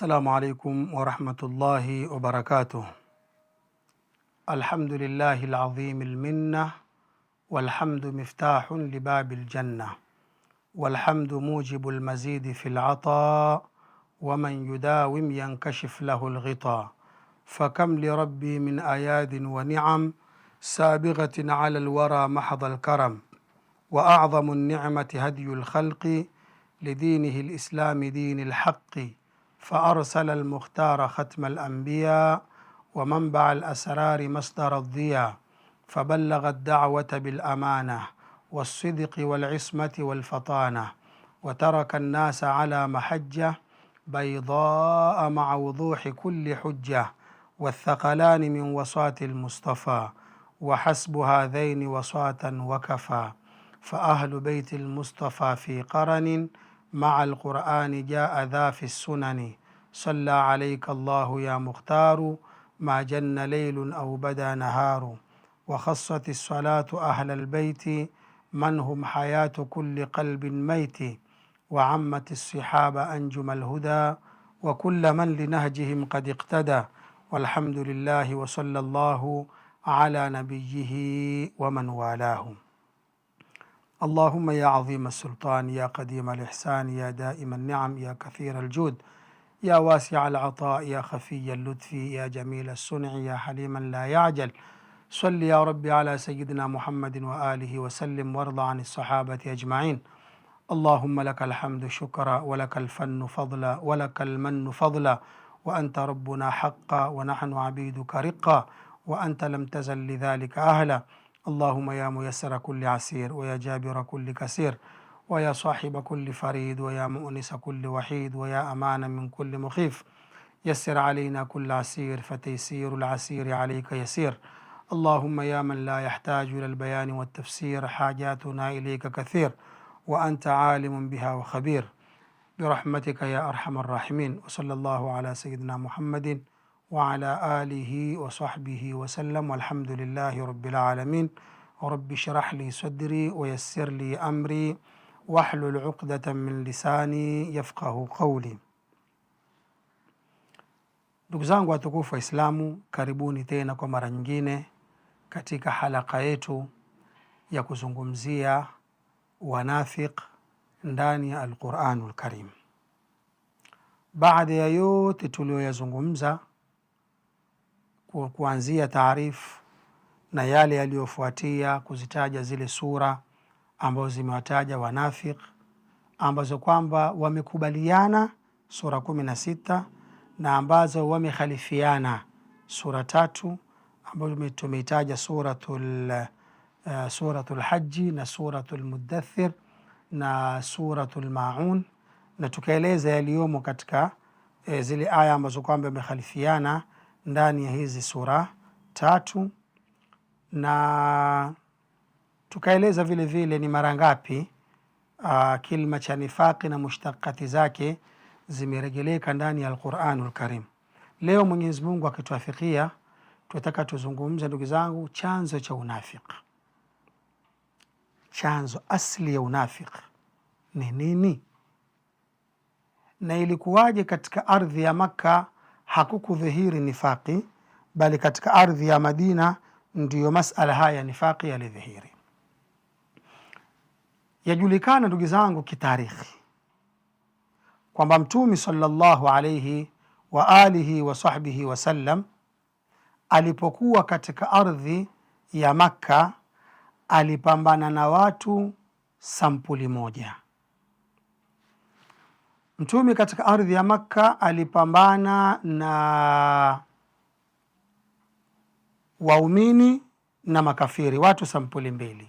السلام عليكم ورحمة الله وبركاته الحمد لله العظيم المنة والحمد مفتاح لباب الجنة والحمد موجب المزيد في العطاء ومن يداوم ينكشف له الغطاء فكم لربي من اياد ونعم سابغه على الورى محض الكرم واعظم النعمه هدي الخلق لدينه الاسلام دين الحق فأرسل المختار ختم الأنبياء ومنبع الأسرار مصدر الضياء فبلغ الدعوة بالأمانة والصدق والعصمة والفطانة وترك الناس على محجة بيضاء مع وضوح كل حجة والثقلان من وصاة المصطفى وحسب هذين وصاة وكفى فأهل بيت المصطفى في قرن مع القرآن جاء ذا في السنن صلى عليك الله يا مختار ما جن ليل أو بدا نهار وخصت الصلاة أهل البيت من هم حياة كل قلب ميت وعمت الصحاب أنجم الهدى وكل من لنهجهم قد اقتدى والحمد لله وصلى الله على نبيه ومن والاه اللهم يا عظيم السلطان يا قديم الإحسان يا دائم النعم يا كثير الجود يا واسع العطاء يا خفي اللطف يا جميل الصنع يا حليما لا يعجل صل يا ربي على سيدنا محمد وآله وسلم وارض عن الصحابة أجمعين اللهم لك الحمد شكرا ولك الفن فضلا ولك المن فضلا وأنت ربنا حقا ونحن عبيدك رقا وأنت لم تزل لذلك أهلا اللهم يا ميسر كل عسير ويا جابر كل كسير ويا صاحب كل فريد ويا مؤنس كل وحيد ويا أمان من كل مخيف يسر علينا كل عسير فتيسير العسير عليك يسير اللهم يا من لا يحتاج إلى البيان والتفسير حاجاتنا إليك كثير وأنت عالم بها وخبير برحمتك يا أرحم الراحمين وصلى الله على سيدنا محمد وعلى alihi وصحبه وسلم والحمد لله رب العالمين رب اشرح li صدري ويسر لي أمري واحلل lisani yafqahu qauli. Ndugu zangu watukufu Waislamu, karibuni tena kwa mara nyingine katika halaka yetu ya kuzungumzia wanafiq ndani ya Alquranul Karim. Baada ya yote tuliyoyazungumza kuanzia taarifu na yale yaliyofuatia kuzitaja zile sura ambazo zimewataja wanafiq ambazo kwamba wamekubaliana sura kumi na sita na ambazo wamekhalifiana sura tatu ambazo tumeitaja suratul uh, suratul Haji na suratul Mudathir na suratul Maun, na tukaeleza yaliyomo katika eh, zile aya ambazo kwamba wamekhalifiana ndani ya hizi sura tatu, na tukaeleza vile vile ni mara ngapi ah, kilma cha nifaqi na mushtaqati zake zimeregeleka ndani ya Alquranul Karim. Leo Mwenyezi Mungu akituafikia, tunataka tuzungumze, ndugu zangu, chanzo cha unafiki. Chanzo asili ya unafiki ni nini, na ilikuwaje katika ardhi ya Makka hakukudhihiri nifaqi, bali katika ardhi ya Madina ndiyo masala haya ya nifaqi yalidhihiri. Yajulikana ndugu zangu kitarikhi kwamba Mtume sallallahu alaihi wa alihi wa sahbihi wasallam alipokuwa katika ardhi ya Makka alipambana na watu sampuli moja. Mtume katika ardhi ya Makka alipambana na waumini na makafiri, watu sampuli mbili.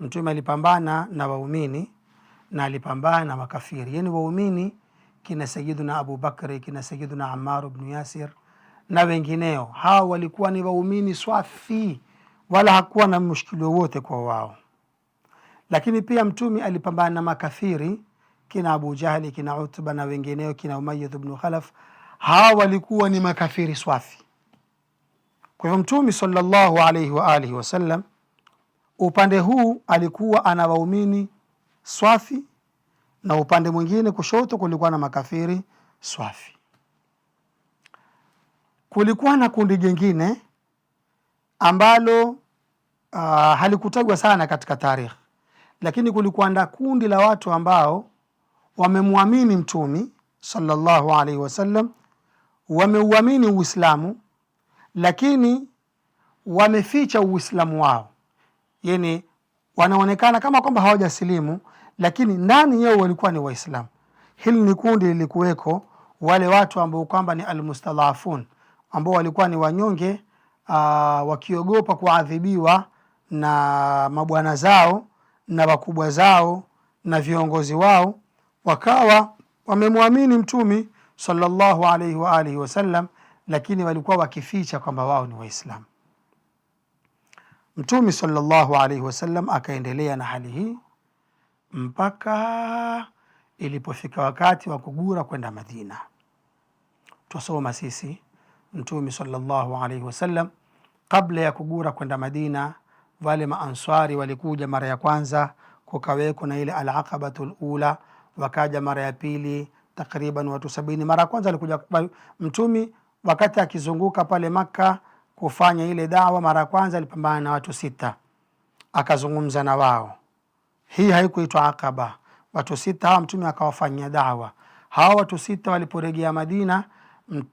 Mtume alipambana na waumini na alipambana na makafiri, yani waumini kina Sayiduna Abu Bakri, kina Sayiduna amaru bnu Yasir na wengineo. Hawa walikuwa ni waumini swafi, wala hakuwa na mushkili wowote kwa wao. Lakini pia Mtume alipambana na makafiri kina Abu Jahli, kina Utba na wengineo, kina Umayyad ibn Khalaf, hawa walikuwa ni makafiri swafi. Kwa hivyo Mtume sallallahu alaihi wa alihi wasallam upande huu alikuwa ana waumini swafi, na upande mwingine kushoto kulikuwa na makafiri swafi. Kulikuwa na kundi jingine ambalo uh, ah, halikutajwa sana katika tarikhi, lakini kulikuwa na kundi la watu ambao wamemwamini mtumi sallallahu alaihi wasallam, wameuamini Uislamu lakini wameficha Uislamu wao, yani wanaonekana kama kwamba hawajasilimu, lakini ndani yao walikuwa ni Waislamu. Hili ni kundi lilikuweko, wale watu ambao kwamba ni almustadhafun, ambao walikuwa ni wanyonge aa, ah, wakiogopa kuadhibiwa na mabwana zao na wakubwa zao na viongozi wao wakawa wamemwamini mtumi sallallahu alaihi wa alihi wasallam, lakini walikuwa wakificha kwamba wao ni Waislamu. Mtumi sallallahu alaihi wasallam akaendelea na hali hii mpaka ilipofika wakati wa kugura kwenda Madina. Twasoma sisi Mtumi sallallahu alaihi wasallam kabla ya kugura kwenda Madina, wale maanswari walikuja mara ya kwanza, kukaweko na ile alaqabatu lula wakaja mara ya pili takriban watu sabini. Mara ya kwanza alikuja mtumi wakati akizunguka pale Makka kufanya ile dawa, mara ya kwanza alipambana na watu sita, akazungumza na wao. Hii haikuitwa Akaba. Watu sita hawa mtumi akawafanyia dawa. Hawa watu sita waliporejea Madina,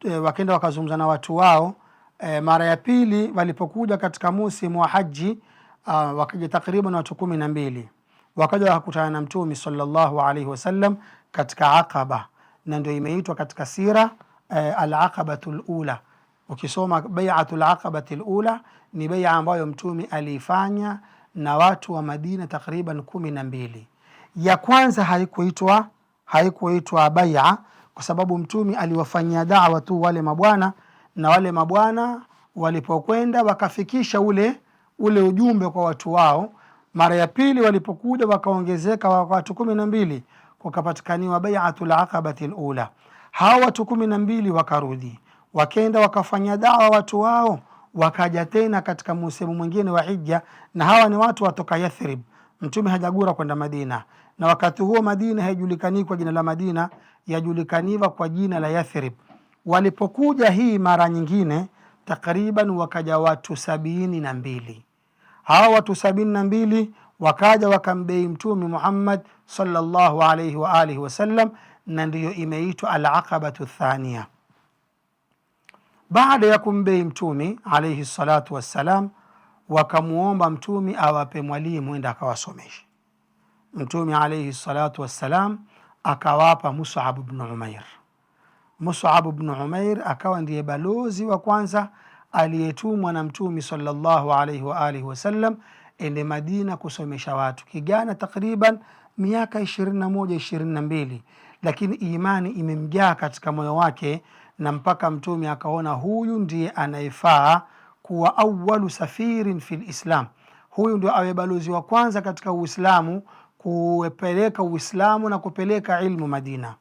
eh, wakenda wakazungumza na watu wao. E, mara ya pili walipokuja katika musimu wa haji, uh, wakaja takriban watu kumi na mbili wakaja wakakutana na Mtume sallallahu alaihi wasallam katika Aqaba, na ndio imeitwa katika sira eh, alaqabatu lula. Ukisoma baiatu laqabati lula ni beia ambayo Mtume aliifanya na watu wa Madina takriban kumi na mbili. Ya kwanza haikuitwa haikuitwa baia kwa sababu Mtume aliwafanyia dawa tu wale mabwana, na wale mabwana walipokwenda wakafikisha ule ule ujumbe kwa watu wao mara ya pili walipokuja wakaongezeka watu kumi na mbili, kukapatikaniwa baiatul aqabati lula. Hawa watu kumi na mbili wakarudi wakenda wakafanya dawa watu wao, wakaja tena katika msimu mwingine wa hija, na hawa ni watu watoka Yathrib. Mtume hajagura kwenda Madina, na wakati huo Madina haijulikani kwa jina la Madina, yajulikaniwa kwa jina la Yathrib. Walipokuja hii mara nyingine, takriban wakaja watu sabini na mbili hawa watu sabini na mbili wakaja wakambei Mtume Muhammad sallallahu alaihi wa alihi wasallam, na ndiyo imeitwa alaqabatu thania. Baada ya kumbei Mtume alaihi salatu wassalam, wakamwomba Mtume awape mwalimu enda akawasomeshe. Mtume alaihi salatu wassalam akawapa Mus'ab bnu Umair. Mus'ab bnu Umair akawa ndiye balozi wa kwanza aliyetumwa na Mtume sallallahu alaihi wa alihi wasallam ende Madina kusomesha watu, kijana takriban miaka ishirini ishirini na moja na mbili lakini imani imemjaa katika moyo wake, na mpaka Mtume akaona huyu ndiye anayefaa kuwa awalu safirin fi lislam huyu ndio awe balozi wa kwanza katika Uislamu, kupeleka Uislamu na kupeleka ilmu Madina.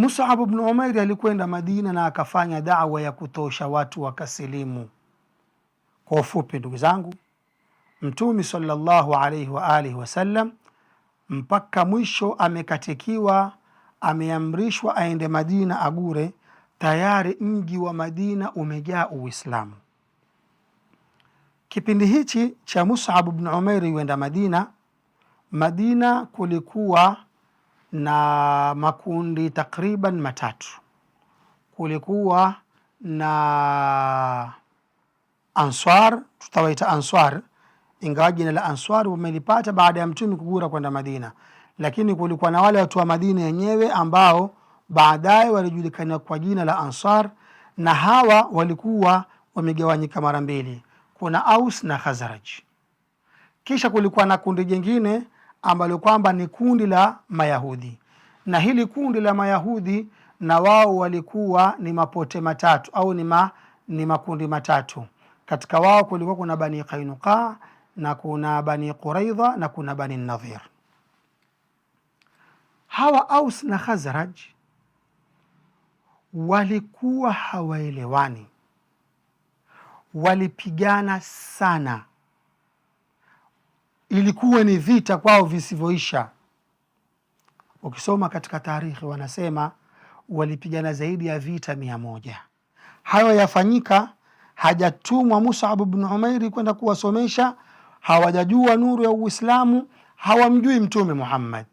Mus'ab bnu Umair alikwenda Madina na akafanya da'wa ya kutosha, watu wakasilimu. Kwa ufupi, ndugu zangu, Mtume sallallahu alaihi wa alihi wasallam mpaka mwisho amekatikiwa, ameamrishwa aende Madina agure. Tayari mji wa Madina umejaa Uislamu. Kipindi hichi cha Mus'ab bnu Umair yuenda Madina, Madina kulikuwa na makundi takriban matatu. Kulikuwa na Answar, tutawaita Answar ingawa jina la Answar wamelipata baada ya Mtume kugura kwenda Madina, lakini kulikuwa na wale watu wa Madina yenyewe ambao baadaye walijulikana kwa jina la Ansar, na hawa walikuwa wamegawanyika mara mbili, kuna Aus na Khazraj. Kisha kulikuwa na kundi jingine ambalo kwamba ni kundi la Mayahudi, na hili kundi la Mayahudi na wao walikuwa ni mapote matatu au ni, ma, ni makundi matatu. Katika wao kulikuwa kuna Bani Qainuqa na kuna Bani Quraidha na kuna Bani Nadhir. Hawa Aus na Khazraj walikuwa hawaelewani, walipigana sana ilikuwa ni vita kwao visivyoisha. Ukisoma katika taarikhi, wanasema walipigana zaidi ya vita mia moja. Hayo yafanyika, hajatumwa Mus'ab bnu Umairi kwenda kuwasomesha, hawajajua nuru ya Uislamu, hawamjui Mtume Muhammad.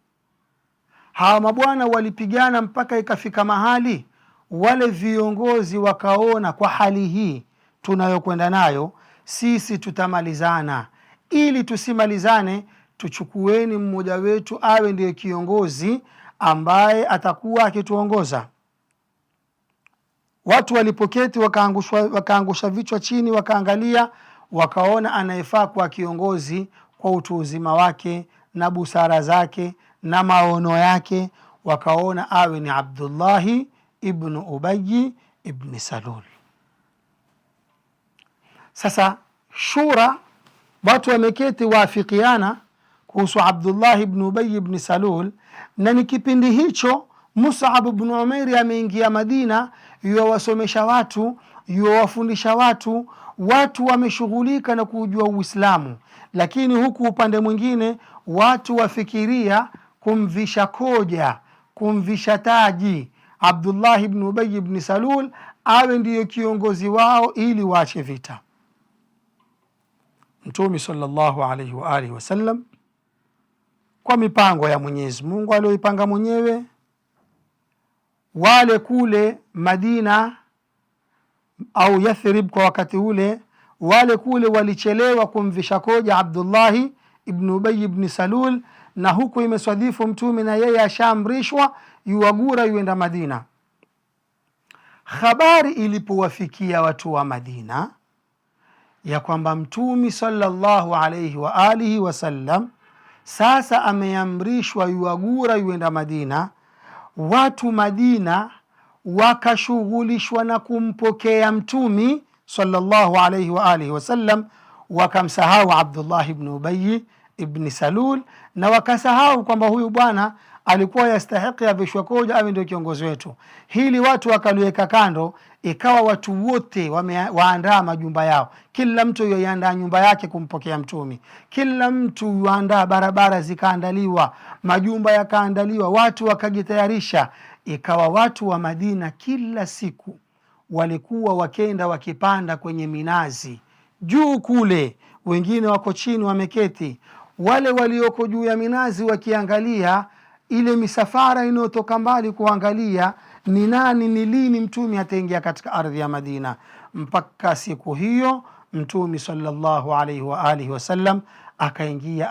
Hawa mabwana walipigana mpaka ikafika mahali wale viongozi wakaona, kwa hali hii tunayokwenda nayo sisi tutamalizana ili tusimalizane, tuchukueni mmoja wetu awe ndiye kiongozi ambaye atakuwa akituongoza. Watu walipoketi wakaangusha vichwa chini, wakaangalia, wakaona anayefaa kuwa kiongozi kwa utu uzima wake na busara zake na maono yake, wakaona awe ni Abdullahi ibnu Ubayi ibni Salul. Sasa shura watu wameketi waafikiana kuhusu Abdullahi bnu Ubayi bni Salul, na ni kipindi hicho Musab bnu Umairi ameingia Madina, yuwawasomesha watu, yuwawafundisha watu, watu wameshughulika na kujua Uislamu, lakini huku upande mwingine watu wafikiria kumvisha koja, kumvisha taji Abdullahi bnu Ubayi bni Salul awe ndiyo kiongozi wao ili waache vita mtumi sallallahu alaihi wa alihi wasallam kwa mipango ya Mwenyezi Mungu aliyoipanga mwenyewe. Wale kule Madina au Yathrib kwa wakati ule, wale kule walichelewa kumvisha koja Abdullahi ibn Ubay ibn Salul, na huku imeswadhifu mtume na yeye ashaamrishwa yuwagura yuenda Madina. Habari ilipowafikia watu wa Madina ya kwamba Mtumi sallallahu alaihi wa alihi wasallam sasa ameamrishwa yuagura yuenda Madina. Watu Madina wakashughulishwa na kumpokea Mtumi sallallahu alaihi wa alihi wasallam, wakamsahau Abdullahi bni Ubayi ibni Salul na wakasahau kwamba huyu bwana alikuwa yastahiki avishwe koja awe ndio kiongozi wetu. Hili watu wakaliweka kando, ikawa watu wote waandaa majumba yao, kila mtu yoiandaa nyumba yake kumpokea Mtume, kila mtu yuandaa, barabara zikaandaliwa, majumba yakaandaliwa, watu wakajitayarisha. Ikawa watu wa Madina kila siku walikuwa wakenda wakipanda kwenye minazi juu kule, wengine wako chini wameketi, wale walioko juu ya minazi wakiangalia ile misafara inayotoka mbali kuangalia ni nani, ni lini mtume ataingia katika ardhi ya Madina. Mpaka siku hiyo mtume sallallahu alaihi wa alihi wasallam akaingia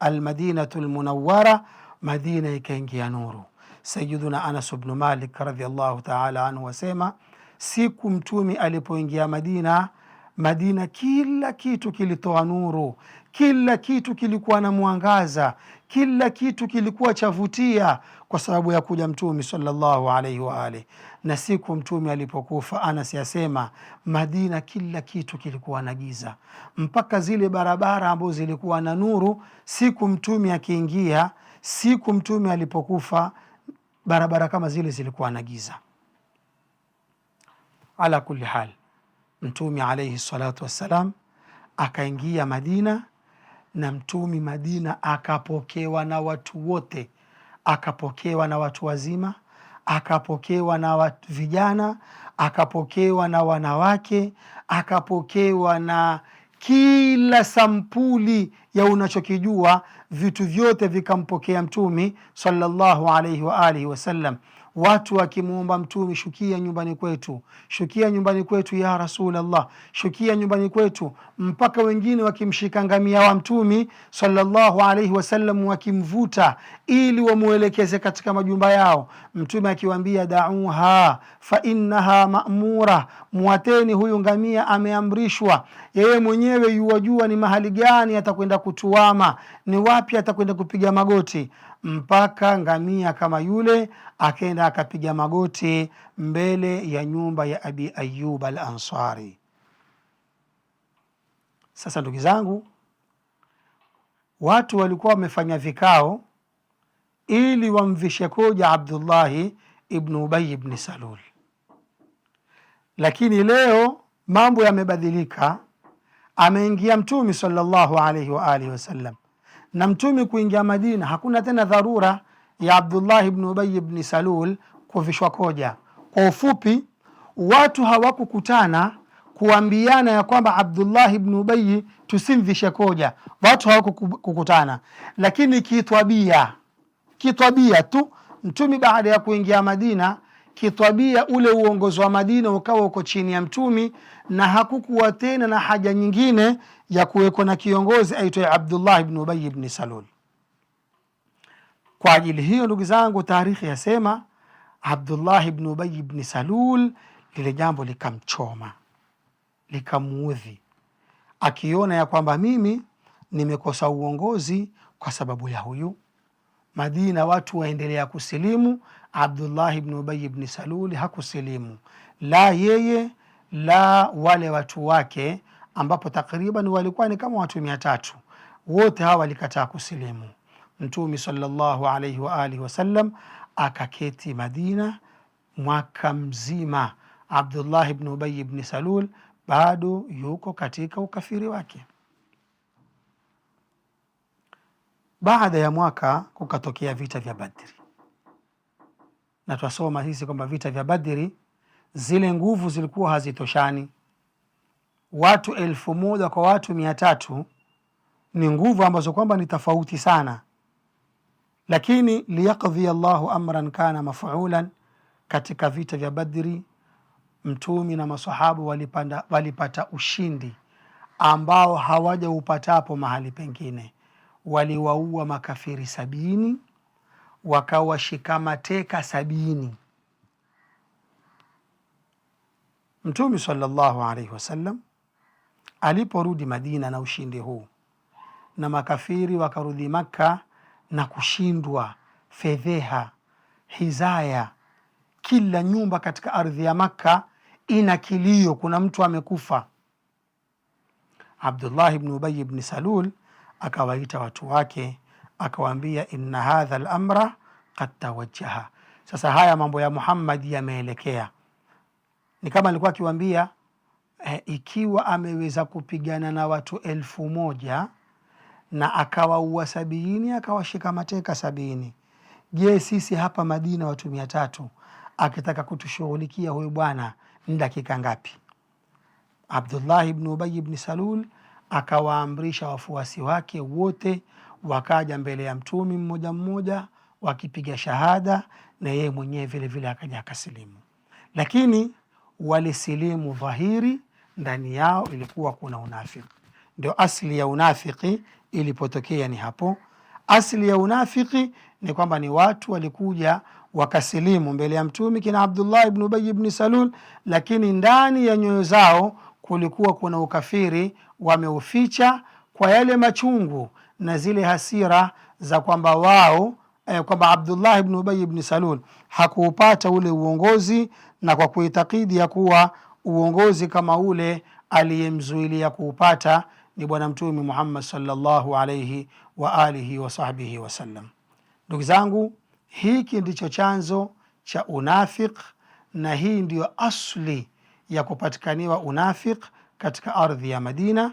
almadinatu lmunawara, Madina ikaingia nuru. Sayiduna Anas bnu Malik radhiallahu taala anhu wasema siku mtume alipoingia Madina, Madina kila kitu kilitoa nuru, kila kitu kilikuwa na mwangaza kila kitu kilikuwa chavutia kwa sababu ya kuja Mtume sallallahu alaihi wa alihi. Na siku Mtume alipokufa, Anas yasema Madina kila kitu kilikuwa na giza, mpaka zile barabara ambazo zilikuwa na nuru, siku Mtume akiingia, siku Mtume alipokufa, barabara kama zile zilikuwa na giza. Ala kulli hal, Mtume alaihi salatu wassalam akaingia Madina na mtumi Madina, akapokewa na watu wote, akapokewa na watu wazima, akapokewa na watu vijana, akapokewa na wanawake, akapokewa na kila sampuli ya unachokijua, vitu vyote vikampokea Mtumi sallallahu alaihi wa alihi wasallam watu wakimuomba Mtume, shukia nyumbani kwetu, shukia nyumbani kwetu ya Rasulullah, shukia nyumbani kwetu, mpaka wengine wakimshika ngamia wa Mtume sallallahu alaihi wasallam wakimvuta ili wamuelekeze katika majumba yao, Mtume akiwaambia dauha fa innaha ma'mura, mwateni huyu ngamia ameamrishwa. Yeye mwenyewe yuwajua ni mahali gani atakwenda kutuama, ni wapi atakwenda kupiga magoti mpaka ngamia kama yule akaenda akapiga magoti mbele ya nyumba ya Abi Ayyub al-Ansari. Sasa ndugu zangu, watu walikuwa wamefanya vikao ili wamvishe koja Abdullahi ibnu Ubayi ibni Salul, lakini leo mambo yamebadilika. Ameingia Mtume sallallahu alaihi wa alihi wasallam na mtume kuingia Madina hakuna tena dharura ya Abdullah ibn Ubay ibn Salul kuvishwa koja. Kwa ufupi, watu hawakukutana kuambiana ya kwamba Abdullah ibn Ubay tusimvishe koja, watu hawakukutana, lakini kitwabia kitwabia tu mtume baada ya kuingia Madina kitabia ule uongozi wa Madina ukawa uko chini ya Mtumi, na hakukuwa tena na haja nyingine ya kuwekwa na kiongozi aitwaye Abdullah ibn Ubay ibn Salul. Kwa ajili hiyo, ndugu zangu, taarikhi yasema Abdullah ibn Ubay ibn Salul, lile jambo likamchoma likamuudhi, akiona ya kwamba mimi nimekosa uongozi kwa sababu ya huyu Madina watu waendelea kusilimu. Abdullah ibn Ubay ibn Saluli hakusilimu, la yeye la wale watu wake, ambapo takriban walikuwa ni kama watu mia tatu. Wote hawa walikataa kusilimu. Mtume sallallahu alaihi wa alihi wasallam akaketi Madina mwaka mzima. Abdullah ibn Ubay ibn Salul bado yuko katika ukafiri wake. Baada ya mwaka kukatokea vita vya Badri, na twasoma sisi kwamba vita vya Badri zile nguvu zilikuwa hazitoshani. Watu elfu moja kwa watu mia tatu ni nguvu ambazo kwamba ni tofauti sana, lakini liyakdhi Allahu amran kana mafuulan. Katika vita vya Badri mtumi na masahabu walipanda, walipata ushindi ambao hawajaupatapo mahali pengine waliwaua makafiri sabini wakawashika mateka sabini. Mtume sallallahu alaihi wasallam aliporudi Madina na ushindi huu na makafiri wakarudi Makka na kushindwa, fedheha, hizaya, kila nyumba katika ardhi ya Makka ina kilio, kuna mtu amekufa. Abdullah ibn Ubay ibn Salul akawaita watu wake akawaambia, inna hadha lamra kad tawajaha tawajjaha. Sasa haya mambo ya Muhammad yameelekea, ni kama alikuwa akiwaambia e, ikiwa ameweza kupigana na watu elfu moja na akawaua sabini akawashika mateka sabini, je, sisi hapa Madina watu mia tatu akitaka kutushughulikia huyu bwana ni dakika ngapi? Abdullahi bnu Ubay bni Salul akawaamrisha wafuasi wake wote wakaja mbele ya mtumi mmoja mmoja wakipiga shahada, na yeye mwenyewe vile vile akaja akasilimu. Lakini walisilimu dhahiri, ndani yao ilikuwa kuna unafiki. Ndio asili ya unafiki ilipotokea ni hapo. Asili ya unafiki ni kwamba ni watu walikuja wakasilimu mbele ya mtumi kina Abdullah ibn Ubay ibn Salul, lakini ndani ya nyoyo zao kulikuwa kuna ukafiri wameuficha kwa yale machungu na zile hasira za kwamba wao eh, kwamba Abdullah ibn Ubay ibn Salul hakuupata ule uongozi, na kwa kuitakidi ya kuwa uongozi kama ule aliyemzuilia kuupata ni Bwana Mtume Muhammad sallallahu alayhi wa alihi wa sahbihi wasallam. Ndugu zangu, hiki ndicho chanzo cha unafiq na hii ndiyo asli ya kupatikaniwa unafiq katika ardhi ya Madina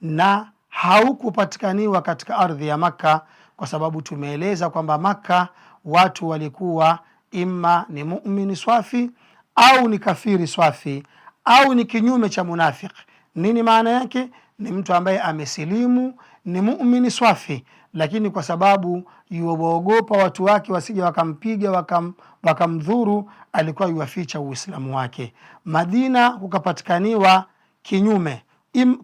na haukupatikaniwa katika ardhi ya Makka, kwa sababu tumeeleza kwamba Makka watu walikuwa imma ni muumini swafi au ni kafiri swafi au ni kinyume cha munafiki. Nini maana yake? Ni mtu ambaye amesilimu, ni muumini swafi lakini kwa sababu yuwaogopa watu wake wasije wakampiga wakam, wakamdhuru, alikuwa yuwaficha Uislamu wake. Madina kukapatikaniwa kinyume,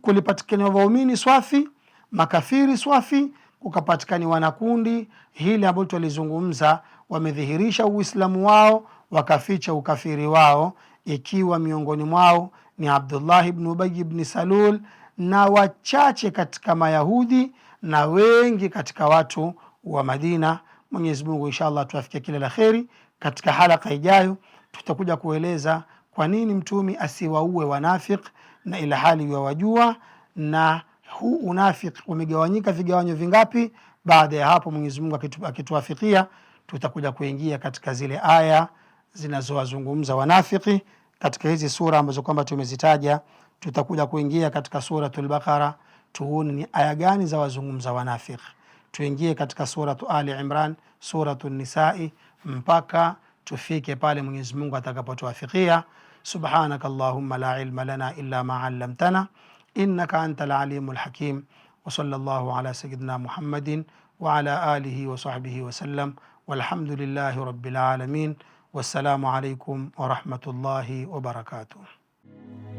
kulipatikaniwa waumini swafi, makafiri swafi, kukapatikaniwa na kundi hili ambalo twalizungumza, wamedhihirisha Uislamu wao wakaficha ukafiri wao, ikiwa miongoni mwao ni abdullahi bnu Ubayi bni Salul na wachache katika Mayahudi na wengi katika watu wa Madina. Mwenyezi Mungu inshallah tuafikie kila la kheri. Katika halaka ijayo tutakuja kueleza kwa nini mtumi asiwaue wanafik na ila hali wawajua, na huu unafik umegawanyika vigawanyo vingapi. Baada ya hapo, Mwenyezi Mungu akituafikia, tutakuja kuingia katika zile aya zinazowazungumza wanafiki katika hizi sura ambazo kwamba tumezitaja. Tutakuja kuingia katika Suratul Baqara. tuone ni aya gani za wazungumza wanafiki. Tuingie katika suratu Ali Imran, suratu Nisai mpaka tufike pale Mwenyezi Mungu atakapotuafikia. Subhanaka Allahumma la ilma lana illa ma 'allamtana innaka anta alimul hakim wa sallallahu ala sayyidina Muhammadin wa ala alihi wa sahbihi wa sallam walhamdulillahi rabbil alamin wassalamu alaikum wa rahmatullahi wa barakatuh.